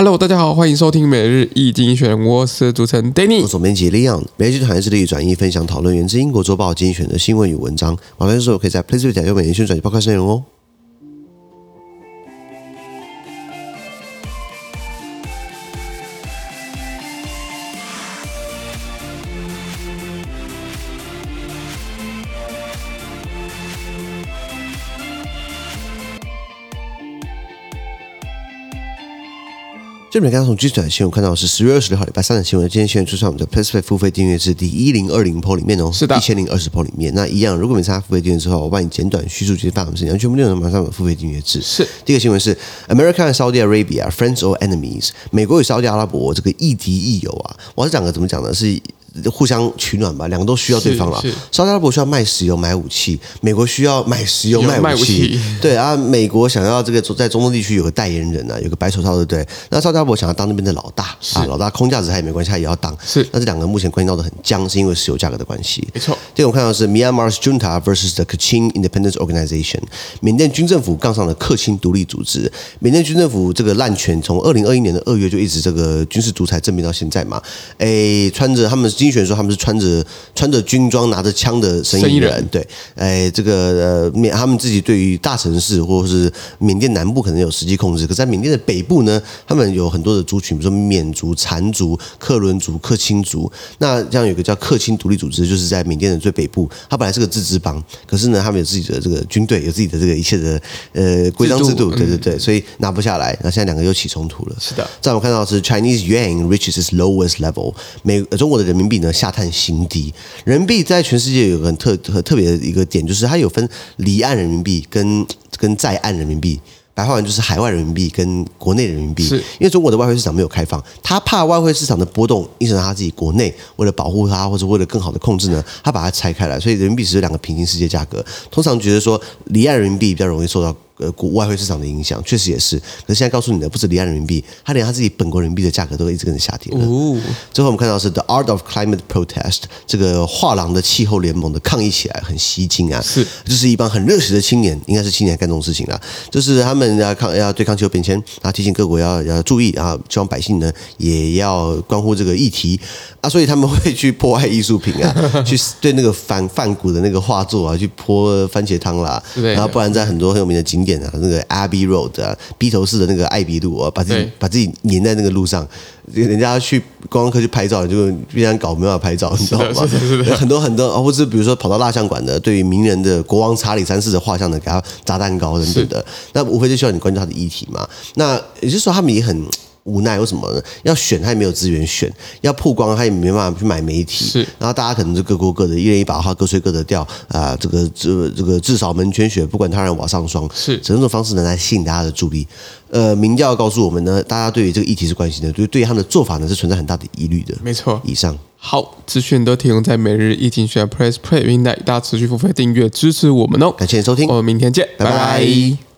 Hello，大家好，歡迎收聽每日一精選。我是主持人 Danny，我是總編輯 Leon。每日一精選是益轉移，分享討論源自英國《週報》精選的新聞與文章。網上搜索，可以在 Play Store 下載每日一精選 Podcast 內容哦。就你剛剛從精的新聞看到的是十月二十六號禮拜三的新聞，今天現在出現我們的 PressPlay 付費訂閱制第一零二零鋪裡面哦，是的一千零二十鋪裡面。那一樣，如果你參加付費訂閱之後，我幫你簡短敘述這些大新聞，然後全部內容馬上有付費訂閱制。是第一個新聞是 America and Saudi Arabia friends or enemies？美國與沙烏地阿拉伯這個亦敵亦友啊？我是講個怎麼講呢？是。互相取暖吧，兩個都需要對方了。沙特阿拉伯需要賣石油買武器，美國需要買石油賣武、武器。對啊，美國想要這個在中東地區有個代言人呢、啊，有個白手套，對不對？那沙特阿拉伯想要當那邊的老大，是啊，老大空架子他也沒關係，他也要當。是，那這兩個目前關係鬧得很僵，是因為石油價格的關係。沒錯。第二個我們看到是 Myanmar's junta versus the Kachin Independence Organization，緬甸軍政府槓上了克欽獨立組織。緬甸軍政府這個濫權從二零二一年的二月就一直這個軍事獨裁政變到現在嘛，誒，穿着他們。精選說他們是穿着穿着軍裝拿着槍的生意、生意人，對，哎、欸，這個呃緬他們自己對於大城市或者是緬甸南部可能有實際控制，可在緬甸的北部呢，他們有很多的族群，比如說緬族、撣族、克倫族、克欽族。那像有一個叫克欽獨立組織，就是在緬甸的最北部，它本來是個自治邦，可是呢，他們有自己的這個軍隊，有自己的這個一切的呃規章制度，對對對、嗯，所以拿不下來。那現在兩個又起衝突了。是的，在我們看到是 Chinese yuan reaches its lowest level，美、呃、中國的人民幣呢下探新低，人民幣在全世界有個很特特別的一個點，就是它有分離岸人民幣跟跟在岸人民幣，白話文就是海外人民幣跟國內人民幣。因為中國的外匯市場沒有開放，他怕外匯市場的波動影響到他自己國內，為了保護它或者為了更好的控制呢，他把它拆開來，所以人民幣只有兩個平行世界價格。通常覺得說，離岸人民幣比較容易受到。呃，國外匯市場的影響確實也是，可是現在告訴你的不止離岸人民幣，他連他自己本國人民幣的價格都一直跟着下跌了。哦、最後我們看到的是《The Art of Climate Protest》這個畫廊的氣候聯盟的抗議起來很吸睛啊，是，就是一幫很熱血的青年，應該是青年幹這種事情啦、啊，就是他們要抗要對抗氣候變遷，啊，提醒各國要要注意，啊，希望百姓呢也要關乎這個議題啊，所以他們會去破壞藝術品啊， 去對那個梵、梵谷的那個畫作啊，去潑番茄湯啦對，然後不然在很多很有名的景點。那個 Abbey Road 啊，披頭士的那個艾比路啊，把自己，欸、把自己粘在那個路上，人家去觀光客去拍照，就別人搞沒辦法拍照，你知道嗎？很多很多，或是比如說跑到蠟像館的，對於名人的國王查理三世的畫像的，給他砸蛋糕等等的，那無非就需要你關注他的議題嘛。那也就是說，他們也很。無奈為什麼呢？要選他也沒有資源選，要曝光他也沒辦法去買媒體。是，然後大家可能就各過各的，一人一把號，各吹各的調啊。這個這、呃、這個自掃門前雪，不管他人瓦上霜，是，只能這種方式能來吸引大家的注意力。呃，民調告訴我們呢，大家對於這個議題是關心的，所以對於他們的做法呢是存在很大的疑慮的。沒錯。以上，好，資訊都提供在每日一經濟學人 PressPlay 平台，play, midnight, 大家持續付費訂閱支持我們哦。感謝收聽，我們明天見，拜拜。拜拜